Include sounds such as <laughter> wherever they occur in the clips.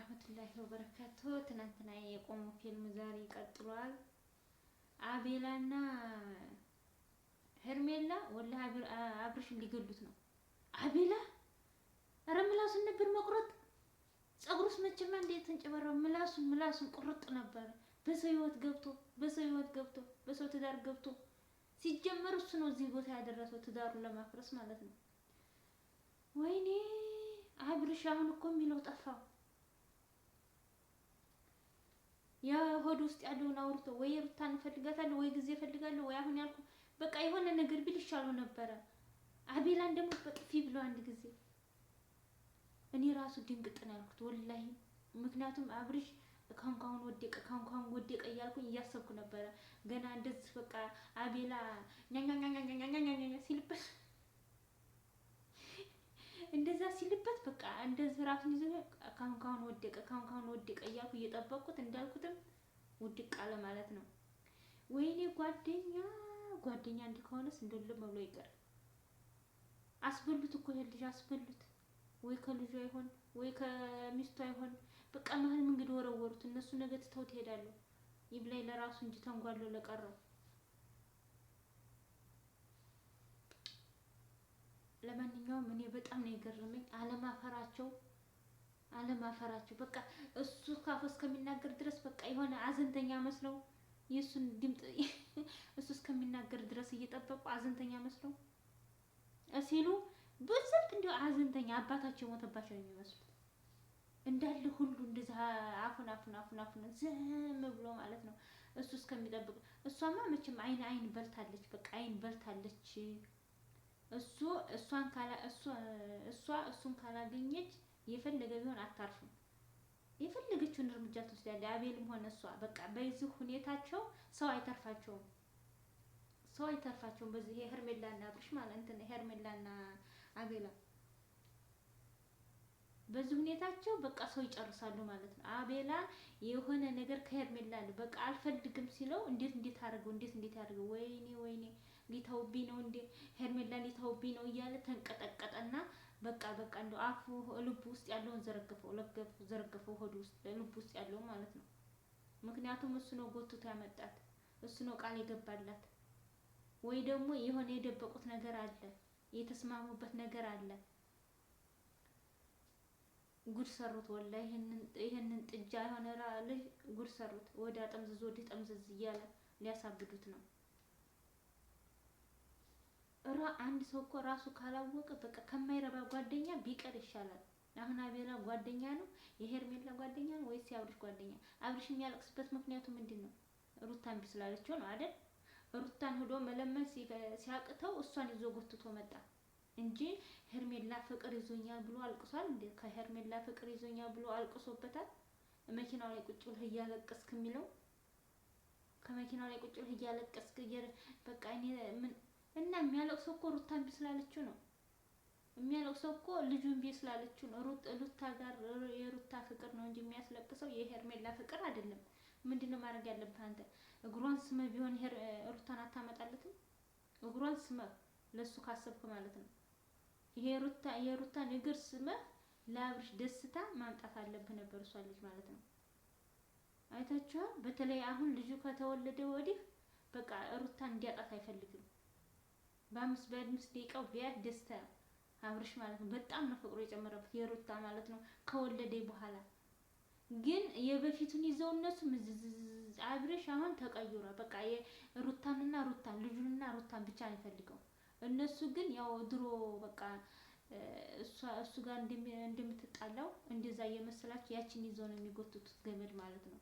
ወራህመቱላሂ ወበረካቱ። ትናንትና የቆመው ፊልም ዛሬ ይቀጥሏል። አቤላና ሄርሜላ ወላ አብርሽን ሊገሉት ነው። አቤላ ኧረ ምላሱን ነበር መቁረጥ። ፀጉሩስ መቼማ እንዴት እንጨበረው! ምላሱን ምላሱን ቁርጥ ነበር። በሰው ህይወት ገብቶ በሰው ህይወት ገብቶ በሰው ትዳር ገብቶ ሲጀመር እሱ ነው እዚህ ቦታ ያደረሰው ትዳሩን ለማፍረስ ማለት ነው። ወይኔ አብርሽ አሁን እኮ የሚለው ጠፋው። የሆድ ውስጥ ያለውን አውርቶ ወይ ሩታን እፈልጋታለሁ ወይ ጊዜ እፈልጋለሁ ወይ አሁን ያልኩ በቃ የሆነ ነገር ቢል ይሻለው ነበረ። አቤላን ደግሞ በጥፊ ብሎ አንድ ጊዜ እኔ ራሱ ድንግጥ ነው ያልኩት ወላሂ። ምክንያቱም አብርሽ ካንኳሁን ወደቀ ካንኳሁን ወደቀ እያልኩኝ እያሰብኩ ነበረ ገና እንደዚህ በቃ አቤላ ኛኛኛኛኛኛኛ ሲልበት በቃ እንደዚህ ራሱን ይዞ ካሁን ካሁን ወደቀ ካሁን ካሁን ወደቀ እያልኩ እየጠበቅኩት እንዳልኩትም ውድቅ አለ ማለት ነው። ወይኔ ጓደኛ ጓደኛ እንዲህ ከሆነስ እንደልብ ብሎ ይቀር። አስበሉት እኮ ይሄ ልጅ አስበሉት። ወይ ከልጁ አይሆን ወይ ከሚስቱ አይሆን። በቃ መሀል መንገድ ወረወሩት። እነሱ ነገ ትተው ትሄዳሉ። ይብላኝ ለራሱ እንጂ ተንጓሎ ለቀረው ለማንኛውም እኔ በጣም ነው የገረመኝ አለማፈራቸው አለማፈራቸው በቃ እሱ ካፎ እስከሚናገር ድረስ በቃ የሆነ አዘንተኛ መስለው የእሱን ድምፅ <laughs> እሱ እስከሚናገር ድረስ እየጠበቁ አዘንተኛ መስለው ሲሉ በዛት እንዲያው አዘንተኛ አባታቸው የሞተባቸው ነው የሚመስሉት እንዳለ ሁሉ እንደዛ አፉን አፉን አፉን አፉን ዝም ብሎ ማለት ነው እሱ እስከሚጠብቅ እሷማ መቼም አይን አይን በልታለች በቃ አይን በልታለች እሱ እሷን ካላ እሱ እሷ እሱን ካላገኘች የፈለገ ቢሆን አታርፍም። የፈለገችውን እርምጃ ትወስዳለች። አቤልም ሆነ እሷ በቃ በዚህ ሁኔታቸው ሰው አይተርፋቸውም። ሰው አይተርፋቸውም። በዚህ ሄርሜላና አብርሽ ማለት እንትን ሄርሜላና አቤላ በዚህ ሁኔታቸው በቃ ሰው ይጨርሳሉ ማለት ነው። አቤላ የሆነ ነገር ከሄርሜላ በቃ አልፈልግም ሲለው እንዴት እንዴት አድርገው እንዴት እንዴት አድርገው ወይኔ ወይኔ ሊተውብኝ ነው እንዴ ሄርሜላ ሊተውብኝ ነው እያለ ተንቀጠቀጠና በቃ በቃ እንደው አፉ ልቡ ውስጥ ያለውን ዘረገፈው ዘረግፈው ዘረገፈው ሆድ ውስጥ ልቡ ውስጥ ያለው ማለት ነው። ምክንያቱም እሱ ነው ጎትቶ ያመጣት፣ እሱ ነው ቃል የገባላት። ወይ ደግሞ የሆነ የደበቁት ነገር አለ፣ የተስማሙበት ነገር አለ። ጉድ ሰሩት። ወላ ይሄንን ጥጃ የሆነ ልጅ ጉድ ሰሩት። ወደ ጠምዝዝ ወዲህ ጠምዝዝ እያለ ሊያሳብዱት ነው። አንድ ሰው እኮ ራሱ ካላወቀ በቃ ከማይረባ ጓደኛ ቢቀር ይሻላል። አሁን አቤላ ጓደኛ ነው፣ የሄርሜላ ጓደኛ ነው ወይስ የአብርሽ ጓደኛ? አብርሽ የሚያለቅስበት ምክንያቱ ምንድን ነው? ሩታን እምቢ ነው አይደል? ሩታን ሄዶ መለመን ሲያቅተው እሷን ይዞ ጎትቶ መጣ እንጂ ሄርሜላ ፍቅር ይዞኛል ብሎ አልቅሷል እንዴ? ከሄርሜላ ፍቅር ይዞኛል ብሎ አልቅሶበታል። መኪናው ላይ ቁጭ ብለህ እያለቀስክ የሚለው ከመኪናው ላይ ቁጭ ብለህ እያለቀስክ በቃ እኔ ምን እና የሚያለቅሰው እኮ ሩታ እምቢ ስላለችው ነው። የሚያለቅሰው እኮ ልጁ እምቢ ስላለችው ነው። ሩታ ጋር የሩታ ፍቅር ነው እንጂ የሚያስለቅሰው የሄርሜላ ፍቅር አይደለም። ምንድን ነው ማድረግ ያለብህ አንተ? እግሯን ስመ ቢሆን ሩታን አታመጣለትም። እግሯን ስመ ለሱ ካሰብክ ማለት ነው። ይሄ ሩታ የሩታን እግር ስመ ለአብርሽ ደስታ ማምጣት አለብህ ነበር እሷ ልጅ ማለት ነው። አይታችኋል። በተለይ አሁን ልጁ ከተወለደ ወዲህ በቃ ሩታን እንዲያጣት አይፈልግም። በአምስት በአምስት ደቂቃው ቢያት ደስታ አብርሽ ማለት ነው። በጣም ነው ፍቅሩ የጨመረበት የሩታ ማለት ነው። ከወለደ በኋላ ግን የበፊቱን ይዘው እነሱ አብርሽ አሁን ተቀይሯል። በቃ የሩታንና ሩታን ልጁንና ሩታን ብቻ ነው የሚፈልገው። እነሱ ግን ያው ድሮ በቃ እሱ ጋር እንደምትጣላው እንደዛ እየመሰላችሁ ያችን ይዘው ነው የሚጎትቱት ገመድ ማለት ነው።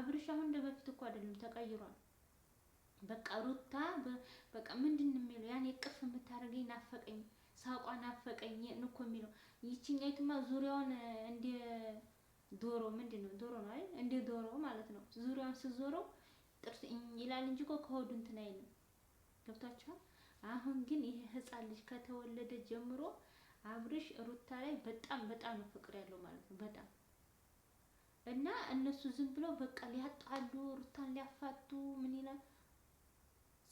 አብርሽ አሁን እንደ በፊት እኮ አይደለም፣ ተቀይሯል። በቃ ሩታ በቃ ምንድን ነው የሚለው ያን የቅፍ የምታደርገኝ ናፈቀኝ፣ ሳቋ ናፈቀኝ እኮ የሚለው ይችኛይቱማ ዙሪያውን እንደ ዶሮ ምንድን ነው ዶሮ ነው አይደል? እንደ ዶሮ ማለት ነው። ዙሪያውን ስዞረው ጥርስ ይላል እንጂ እኮ ከሆዱ እንትን አይልም። ገብታችኋል? አሁን ግን ይሄ ህፃን ልጅ ከተወለደ ጀምሮ አብርሽ ሩታ ላይ በጣም በጣም ነው ፍቅር ያለው ማለት ነው። በጣም እና እነሱ ዝም ብለው በቃ ሊያጣሉ ሩታን ሊያፋቱ ምን ይላል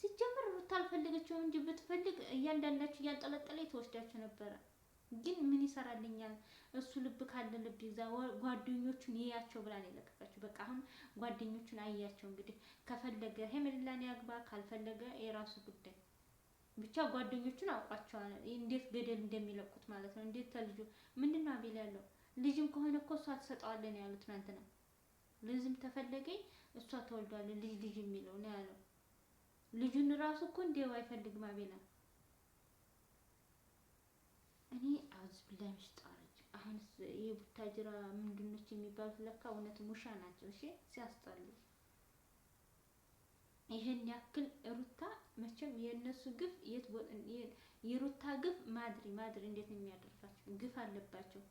ሲጀመር ሩታ አልፈልገችው እንጂ ብትፈልግ እያንዳንዳችሁ እያንጠለጠለ የተወስዳችሁ ነበረ። ግን ምን ይሰራልኛል እሱ ልብ ካለ ልብ ይዛ ጓደኞቹን ይያቸው ብላ ነው የለቀቀችው። በቃ አሁን ጓደኞቹን አያቸው። እንግዲህ ከፈለገ ሄመላን ያግባ፣ ካልፈለገ የራሱ ጉዳይ። ብቻ ጓደኞቹን አውቋቸዋል፣ እንዴት ገደል እንደሚለቁት ማለት ነው። እንዴት ተልጁ ምንድን ነው አቤል ያለው ልጅም ከሆነ እኮ እሷ ትሰጠዋለን ያሉት ትናንትና። ልጅም ተፈለገኝ እሷ ተወልዷል ልጅ ልጅ የሚለው ነው ያለው ልጁን ራሱ እኮ እንዲያው አይፈልግም አቤላ። እኔ አውዝ ብላኝ ሽጣረች። አሁንስ የቡታጅራ ምንድነች የሚባሉት ለካ እውነት ሙሻ ናቸው። እሺ ሲያስጠሉ ይሄን ያክል ሩታ መቼም የእነሱ ግፍ የሩታ ግፍ ማድሪ ማድሪ እንዴት ነው የሚያደርጋቸው? ግፍ አለባቸው።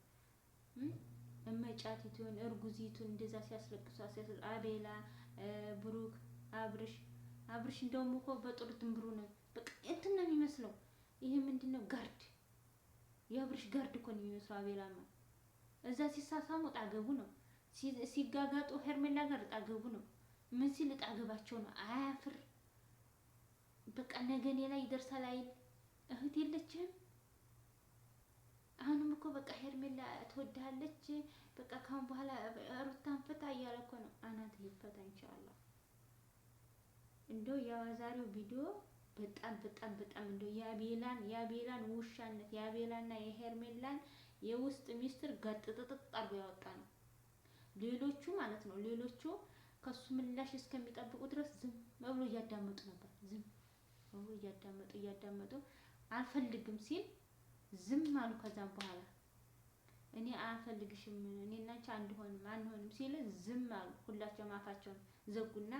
እመጫቲቱን እርጉዚቱን እንደዛ ሲያስለቅሷ ሲያስለ አቤላ ብሩክ አብርሽ አብርሽ እንደውም እኮ በጥሩ ትምብሩ ነው። በቃ እንትን ነው የሚመስለው። ይሄ ምንድን ነው? ጋርድ የአብርሽ ጋርድ እኮ ነው የሚመስለው። ነው እዛ ሲሳሳሙ ጣገቡ ነው፣ ሲጋጋጡ ሄርሜላ ጋር ጣገቡ ነው። ምን ሲል ጣገባቸው ነው። አያፍር በቃ ነገኔ ላይ ይደርሳል አይል እህት የለችም? አሁንም እኮ በቃ ሄርሜላ ትወድሃለች። በቃ ካሁን በኋላ ሩታን ፍታ እያለ እኮ ነው። አናት ይፈታ ኢንሻአላህ እንደው የዛሬው ቪዲዮ በጣም በጣም በጣም እንደው የአቤላን የአቤላን ውሻነት የአቤላና የሄርሜላን የውስጥ ሚስጥር ጋጥጥጥጥ አርጎ ያወጣ ነው። ሌሎቹ ማለት ነው ሌሎቹ ከሱ ምላሽ እስከሚጠብቁ ድረስ ዝም ብሎ እያዳመጡ ነበር። ዝም ብሎ እያዳመጡ እያዳመጡ አልፈልግም ሲል ዝም አሉ። ከዛም በኋላ እኔ አልፈልግሽም እኔ እና አንድ ሆንም አንሆንም ሲል ዝም አሉ። ሁላቸውም አፋቸውን ዘጉና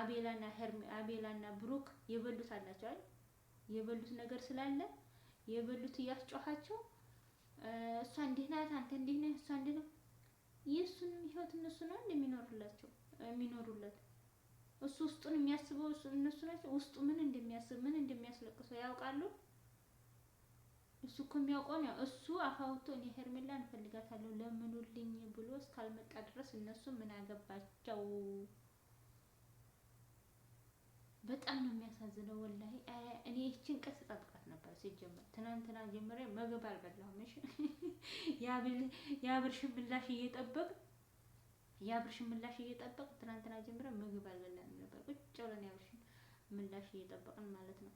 አቤላና ሄርሜ አቤላና ብሩክ የበሉት አላቸው አይደል? የበሉት ነገር ስላለ የበሉት እያስጮኋቸው እሷ እንዲህ ናት፣ አንተ እንዲህ ነህ፣ እሷ እንዲህ ነው። የእሱን ህይወት እነሱ ነው እንደሚኖሩላቸው የሚኖሩለት እሱ ውስጡን የሚያስበው እነሱ ናቸው። ውስጡ ምን እንደሚያስብ ምን እንደሚያስለቅሰው ያውቃሉ። እሱ እኮ የሚያውቀው ነው። እሱ አፋውቶ እኔ ሄርሜላ እንፈልጋታለሁ ለምኑልኝ ብሎ እስካልመጣ ድረስ እነሱ ምን አገባቸው? በጣም ነው የሚያሳዝነው። ወላሂ እኔ ይህችን ቀስ ጠብቃት ነበር ሲጀመር ትናንትና ጀምሬ መግብ አልበላሁም። እሺ <laughs> የአብርሽን ምላሽ እየጠበቅ የአብርሽን ምላሽ እየጠበቅ ትናንትና ጀምሬ ምግብ አልበላንም ነበር። ቁጭ ብለን የአብርሽን ምላሽ እየጠበቅን ማለት ነው።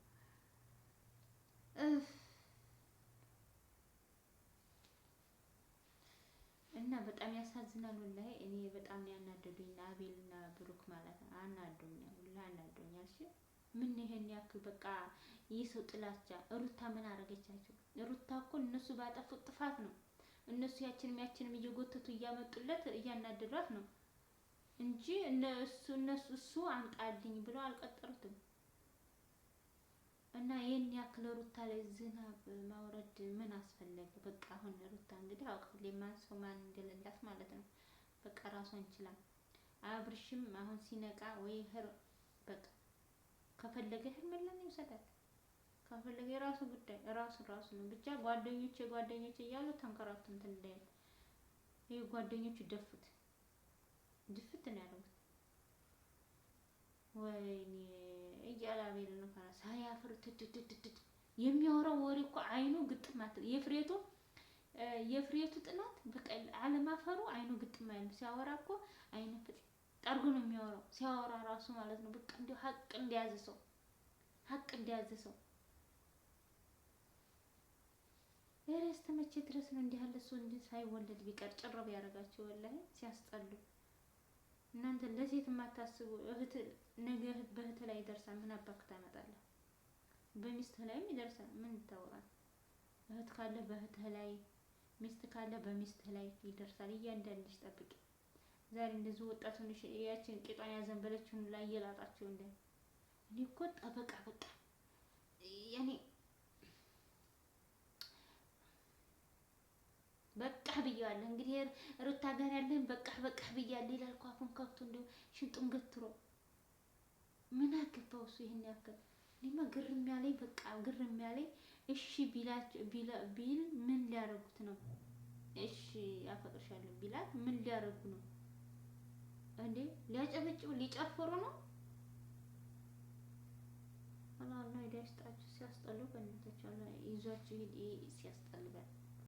እና በጣም ያሳዝናል ወላሂ። እኔ በጣም ያናደዱኝ አቤልና ብሩክ ማለት ነው አናዱኝ አናዶኛል። እሺ ምን ይሄን ያክል በቃ ይህ ሰው ጥላቻ። ሩታ ምን አረገቻቸው? ሩታ እኮ እነሱ ባጠፉት ጥፋት ነው እነሱ ያችንም ያችንም እየጎተቱ እያመጡለት እያናደዷት ነው እንጂ እነሱ እነሱ እሱ አምጣልኝ ብለው አልቀጠሩትም። እና ይህን ያክል ሩታ ላይ ዝናብ ማውረድ ምን አስፈለገ? በቃ አሁን ሩታ እንግዲህ አውቃለሁ የማን ሰው ማን እንደሌላት ማለት ነው። በቃ ራሷን ይችላል። አብርሽም አሁን ሲነቃ ወይ ህር ከፈለገ ህልምለን ይውሰዳል። ከፈለገ የራሱ ጉዳይ ራሱ ራሱ ነው። ብቻ ጓደኞቼ ጓደኞቼ እያሉ ተንከራቱ እንትን እንዳይል ይሄ ጓደኞቹ ደፉት ድፍት ነው ያለው። ወይኔ እያለ አቤል ነው ፈራስ አያፍር ትትትትት የሚያወራው ወሬ እኮ አይኑ ግጥም አትል የፍሬቱ የፍሬቱ ጥናት በቃ አለማፈሩ አይኑ ግጥም አይልም ሲያወራ እኮ አይኑ ፍጥ ጠርጉ ነው የሚያወራው። ሲያወራ ራሱ ማለት ነው በቃ እንዲሁ ሀቅ እንደያዘ ሰው ሀቅ እንደያዘ ሰው ኧረ እስከመቼ ድረስ ነው እንዲህ ያለ ሰው እንዲህ ሳይወለድ ቢቀር ጭረብ ያደርጋቸው። ወላሂ ሲያስጠሉ እናንተ ለሴት የማታስቡ እህት ነገ በእህት ላይ ይደርሳል። ምን አባክ ታመጣለህ? በሚስት ላይም ይደርሳል። ምን ይታወቃል? እህት ካለ በእህት ላይ፣ ሚስት ካለ በሚስት ላይ ይደርሳል። እያንዳንድሽ ጠብቂ። ዛሬ እንደዚህ ወጣት ሆነሽ ያችን ቂጧን ያዘንበለችውን ላይ እየላጣችሁ እንደ እኔ እኮ ጠበቃ በቃ ያኔ በቃ ብያለሁ። እንግዲህ ሩታ ጋር ያለን በቃ በቃ ብያለሁ ይላል እኮ አፉን ከፍቶ እንደው ሽንጡን ገትሮ ምን አገባው እሱ ይሄን ያክል። እኔማ ግርም ያለኝ በቃ ግርም ያለኝ እሺ ቢላ ቢል ምን ሊያረጉት ነው? እሺ አፈቅርሻለሁ ቢላት ምን ሊያረጉ ነው? እንዴ ሊያጨበጭቡ ሊጨፍሩ ነው። አላህ ሂዳያ ይስጣችሁ። ሲያስጠሉ በእናታችሁ አላህ ይዟችሁ